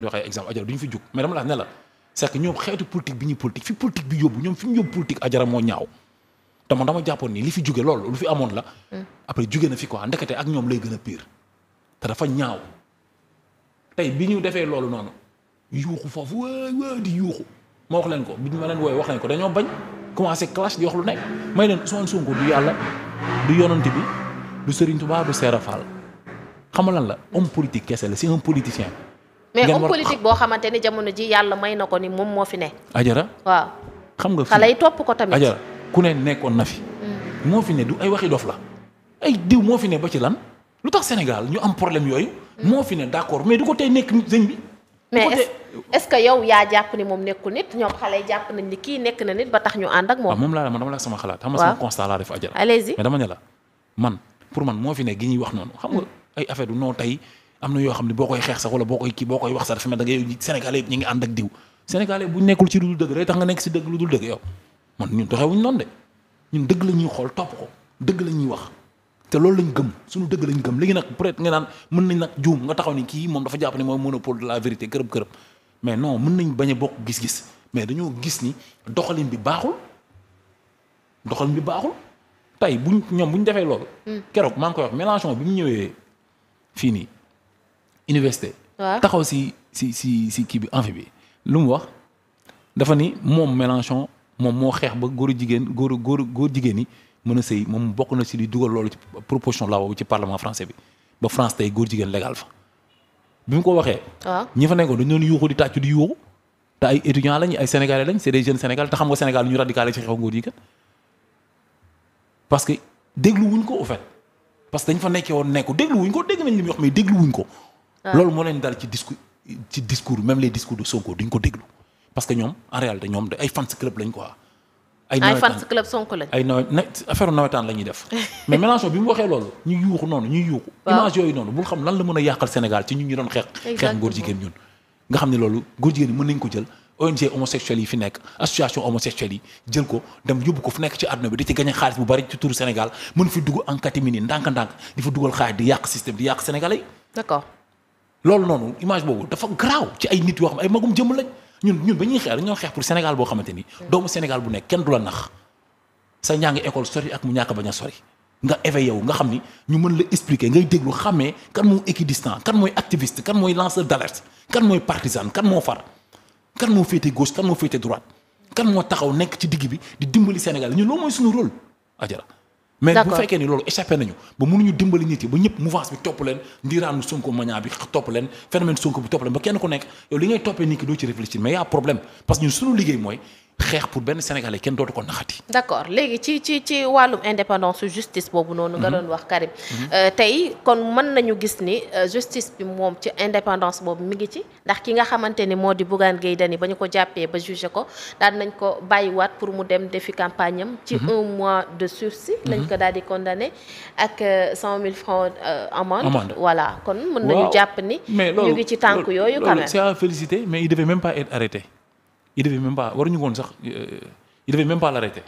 joxe exemple ajara du ñu fi jug mais dama la ne la c'est que ñoom xeetu politique bi ñuy politique fi politique bi yóbbu ñoom fi ñu yóbbu politique ajara moo ñaaw dama dama jàppoon nii li fi jóge loolu lu fi amoon la après jóge na fi quoi ndekete ak ñoom lay gën a pire te dafa ñaaw tey bi ñu defee loolu noonu yuuxu foofu di yuuxu ma wax leen ko bi ma leen wooye wax leen ko dañoo bañ commencé clash di wax lu nekk may leen Ousmane Sonko du yàlla du yonante bi du Serigne Touba du Serap Fall xam lan la homme politique kese la c'est un politicien. mais homme politique boo xamante ni jamono ji yàlla may na ko ni moom moo fi ne. ajara waaw. xam nga xale yi topp ko tamit. ajara ku ne nekkoon na fi. Hmm. moo fi ne du ay waxi dof la. ay diw moo fi ne ba ci lan lu tax Sénégal ñu am problème yooyu. Hmm. moo fi ne d'accord mais du ko tey nekk sëñ bi. mais est-ce que yow yaa jàpp ni moom nekkul nit ñoom xale yi jàpp nañ ni kii nekk na nit ba tax ñu ànd ak moom. waaw ah, moom laa dama la sama xalaat. xam nga sama constat laa def ajara. allez mais dama ne la man pour man moo fi ne gi ñuy wax noonu xam nga hmm. ay affaire du noo tey am na yoo xam ne boo koy xeex sax wala boo koy kii boo koy wax sax dafa mel da ngay sénégalais yëpp ñu ngi ànd ak diw sénégalais nekkul ci lu dul dëgg day tax nga nekk si dëgg lu dul dëgg yow man la ñuy xool topp ko dëgg la ñuy wax te loolu lañ gëm suñu dëgg lañ gëm léegi nag peut-être nga naan mën nañ nag juum nga taxaw ni kii moom dafa jàpp ne mooy monopole de la vérité kërëb kërëb mais non mën nañ bañ a bokk gis-gis mais dañoo gis ni doxalin bi baaxul doxalin bi baaxul tey buñ ñoom bu ñu defee loolu hmm. keroog maa ngi koy wax Mélenchon bi mu ñëwee fii nii université. taxaw si si si si kii bi amphi bi lu mu wax dafa ni moom Mélenchon moom moo xeex ba góor jigéen góor góor góor jigéen ñi mën a sëy moom bokk na si li dugal loolu ci proposition la boobu ci parlement français bi ba France tey góor jigéen légal fa bi mu ko waxee. ñi fa nekkoon dañu doon yuuxu di tàccu di yuuxu te ay étudiants lañ ay sénégalais lañ c'est des jeunes sénégalais te xam nga Sénégal ñu radicalé ci xew góor jigéen parce que dégluwuñ ko au fait parce que fa nekkee woon nekku wuñ ko dégg nañ li muy déglu wuñ ko Ah. loolu moo leen dal ci discours ci discours même les discours de Sonko duñ ko déglu parce que ñoom en réalité ñoom ay fans club lañ quoi. ay nawetaan ay fans club Sonko lañ. ay nawet na affaire nawetaan la ñuy def mais Mélenchon bi mu waxee loolu ñu yuuxu noonu ñu yuuxu. image yooyu noonu bul xam lan la mën a yàqal Sénégal ci ñun ñu doon xeex. xeex góor jigéen ñun. nga xam ne loolu góor jigéen ñi mën nañ ko jël ONG homosexuels yi fi nekk association homosexuels yi jël ko dem yóbbu ko fu nekk ci àdduna bi di ci gagné xaalis bu bari ci turu Sénégal mën fi dugg en catimini ndànk-ndànk di fa dugal xaalis di yàq système di yàq sénégalais d'accord loolu noonu image boobu dafa garaaw ci ay nit yoo xam ay magum jëm lañ ñun ñun ba ñuy xeex dañoo xeex pour Sénégal boo xamante ni doomu Sénégal bu nekk kenn du la nax sa njàng école sori ak mu ñàkk bañ a sori nga éveillé yow nga xam ni ñu mën la expliquer ngay déglu xàmmee kan moo équidistant kan mooy activiste kan mooy lanceur d'alerte kan mooy partisan kan moo far kan moo féete gauche kan moo féete droite kan moo taxaw nekk ci digg bi di dimbali Sénégal ñu loolu mooy suñu rôle ajara mais bu fekkee ni loolu échappé nañu ba mënuñu dimbali nit ba ñëpp mouvance bi topp leen ndiiraanu Sonko mania bi topp leen phénomène Sonko bi topp leen ba kenn ku nekk yow li ngay toppee nit ki doo ci réfléchir mais y problème parce que ñun suñu liggéey mooy xeex pour benn sénégalais kenn dootu ko naxati. d' accord léegi ci ci wàllum indépendance justice boobu noonu. nga mhm. doon wax Karim. Mhm. Euh, tey kon mën nañu gis ni euh, justice bi moom ci indépendance boobu mi ngi ci ndax ki nga xamante ni moo di Bougane Gueye Dany ba ñu ko jàppee ba jugé ko daan nañ ko bàyyiwaat pour mu dem defi campagne ci mhm. un mois de sursis. lañ ko daal di condamné ak euh, cent mille francs amende. amende voilà kon mën nañu jàpp ni. ñu ngi ci tànk yooyu. quand il devait même pas waruñu woon sax euh, il devait même pas l'arrêter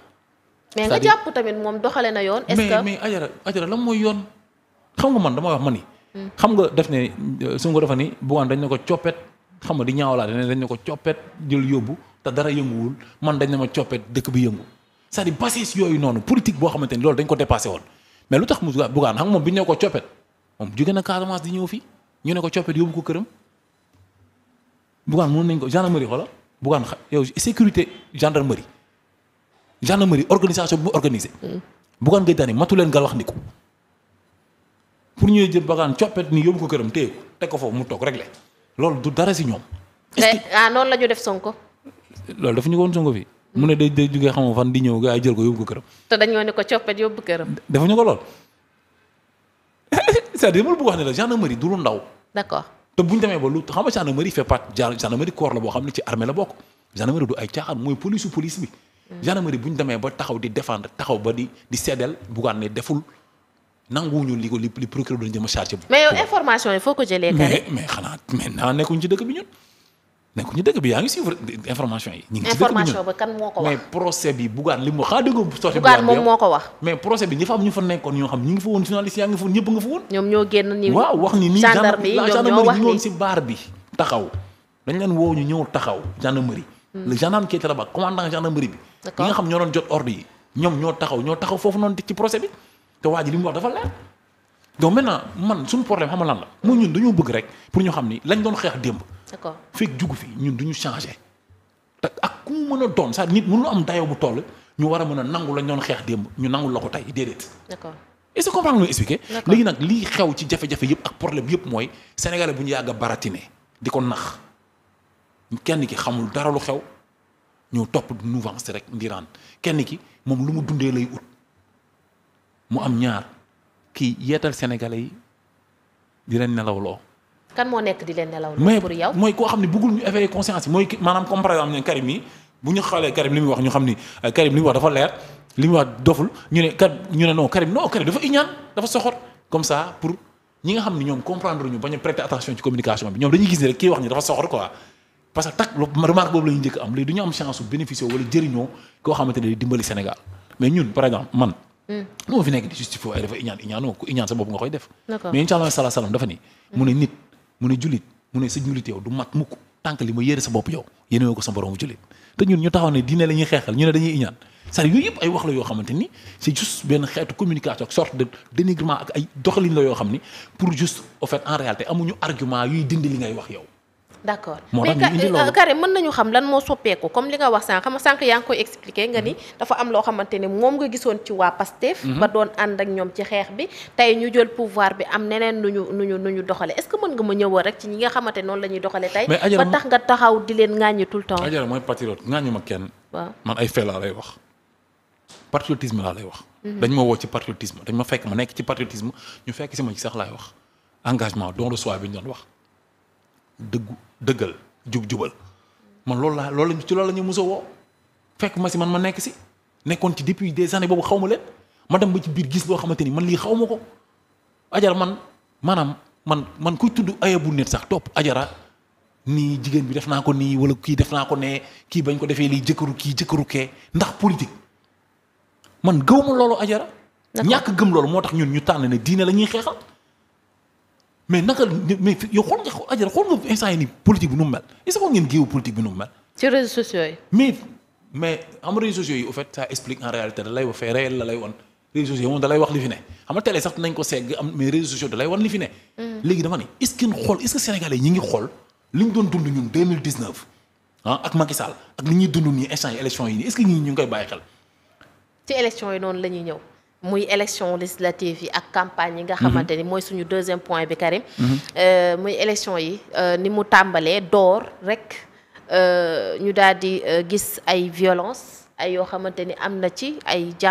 mais nga jàpp tamit moom doxale na yoon. est-ce que mais mais Ajara Ajara lan mooy yoon xam nga man dama wax ma ni. Hmm. xam nga def ne euh, su nga defa ni bugaan dañ ne ko coppet xam nga di ñaawalaate ne dañ ne ko coppet jël yóbbu te dara yënguwul man dañ ne ma coppet dëkk bi yëngu c'est-à-dire basis yooyu noonu politique boo xamante ni loolu dañ ko dépassé woon mais lu tax mu bugaan xam nga moom bi ñu ne ko coppet moom jóge na Casamance di ñëw fii ñu ne ko coppet yóbbu ko këram bugaan mën nañ ko gendarmerie xoolal Bougane yow sécurité gendarmerie gendarmerie organisation bu mu organisé. Bougane Gueye Dany matu leen nga wax ni ko pour ñuy jëm Bougane coppet ni yóbbu ko këram téye ko teg ko foofu mu toog réglé loolu du dara si ñoom. ah noonu la ñu def Sonko. loolu dafa ñu ko woon Sonko fii. mu ne day day jógee xam fan di ñëw gars yi jël ko yóbbu ko këram. te dañoo ne ko coppet yóbbu këram. dafa ñu ko lool c'est-à-dire mënu bëgg wax ne la gendarmerie du lu ndaw. d'accord. te bu ñu demee ba lu xam nga gendarmerie fait pas gendarmerie corps la boo xam ne ci armée la bokk gendarmerie du ay caaxaan mooy police su bi. Mm. gendarmerie bu ñu ba taxaw di défendre taxaw ba di di seddal ne deful nanguwuñu li ko li procureur doon jëm a chargé. mais information yi foo ko jëlee. mais mais xanaa mais naa nekkuñ ci dëkk bi ñun. nekku ñu dëgg bi yaa ngi suivre information yi. ñu ngi ci dëkk bi information ba kan moo ko wax. mais procès bi bugaan li wax xaa dëgg sotti. bugaan moom moo ko wax. mais procès bi ñu fa nekkoon ñoo xam ñu ngi fa woon journaliste yaa ngi fa woon ñoo génn nii waaw wax ni nii gendarmerie ñoom ñoo wax nii si hmm. nga xam ñoo doon jot ordre yi ñoom ñoo taxaw ñoo taxaw foofu noonu ci procès bi te waa ji wax dafa leer donc maintenant man suñu problème xam la moo ñun dañoo bëgg rek pour ñu xam ni lañ doon xeex démb d'accord fekk jugu fi ñun du ñu changé. te ak ku mu mën a doon sax nit mënul am dayoo bu toll ñu war a mën a nangu la ñu doon xeex démb ñu nangul la ko tey déedéet. d'accord est-ce que comprendre nga expliqué. léegi nag lii xew ci jafe-jafe yëpp ak problème yëpp mooy sénégalais bu ñu yàgg a baratine di ko nax kenn ki xamul dara lu xew ñëw topp nuance rek ndiraan kenn ki moom lu mu dundee lay ut mu am ñaar kii yeetal sénégalais yi di leen nelawloo. kan moo nekk di leen nelaw. pour yow mooy koo xam ne bëggul ñu éveiller conscience yi mooy maanaam comme par exemple ne Karim xam ni euh, Karim ñu ne Karim ñu ne non comme ça bi ñoom dañuy gis ne rek kii wax exemple man moo hmm. fi nekk di justifier ay dafa iñaan iñaanoo ku iñaan sa bopp nga koy def mais incha allah salaam dafa ni mu ne nit mu ne jullit mu ne sa jullit yow du mat mukk tànk li ma yére sa bopp yow yéenewoo ko sa boroomu jullit te ñun ñu taxaw ne diine la ñuy xeexal ñu ne dañuy iñaan cest à yëpp ay wax la yoo xamante ni c'est juste benn xeetu communication ak sorte de dénigrement ak ay doxalin la yoo xam ni pour juste au fait en réalité amuñu argument yuy dindi li ngay wax yow d' accord moo tax ñu indi euh, loolu nañu xam lan moo soppeeku comme li nga wax sànq xam sànq yaa ngi koy expliqué nga ni mm-hmm. dafa am loo xamante ne moom nga gisoon ci waa Pastef mm-hmm. ba doon ànd ak ñoom ci xeex bi tey ñu jël pouvoir bi am neneen nu ñu nu ñu nu ñu doxale est ce que mën nga ma ñëwoon rek ci ñi nga xamante noonu la ñuy doxale tey ba tax nga taxaw di leen ŋàññi tout le temps ajara mooy patriote ŋàññu ma kenn waaw man ay fee laa lay wax patriotisme laa lay wax mm-hmm. dañ ma woo ci patriotisme dañ ma fekk ma nekk ci patriotisme ñu fekk si ma ci sax laay wax engagement don soi bi ñu wax dëggu dëggal jub jubal man loolu laa loolu ci loolu la ñu mos woo fekk ma si man ma nekk si nekkoon ci depuis des années boobu xaw ma leen ma dem ba ci biir gis loo xamante ni man lii xaw ma ko ajara man maanaam man man kuy tudd aya bu nit sax topp ajara nii jigéen bi def naa ko nii wala kii def naa ko ne kii bañ ko defee lii jëkkëru kii jëkkëru kee ndax politique man gëw ma loolu ajara ñàkk gëm loolu moo tax ñun ñu tànn ne diine la ñuy xeexal mais naka mais yow xool nga Adjara xool nga instant yi nii politique bi nu mu mel est-ce que xool ngeen géew politique bi nu mu mel. ci réseaux sociaux yi. mais mais am réseaux sociaux yi la lay wan réseaux sociaux moom da wax li fi ne xam nga sax nañ ko segg am mais réseaux sociaux da lay wan li fi ne. Mm. léegi dafa ne est que xool est-ce que sénégalais ñi ngi xool li ñu doon dund ñun mille ah ak Macky Sall ak li ñuy dundu nii instant yi élection nii est que ñii ñu ngi koy bàyyi xel. ci élection yi noonu la ñuy ñëw. muy élection législative yi ak campagne yi nga mhm. xamante ni mooy suñu deuxième point bi Karim mhm. euh, muy élection yi euh, ni mu tàmbalee door rek euh, ñu daal di gis ay violence ay yoo xamante ni am na ci ay jàmm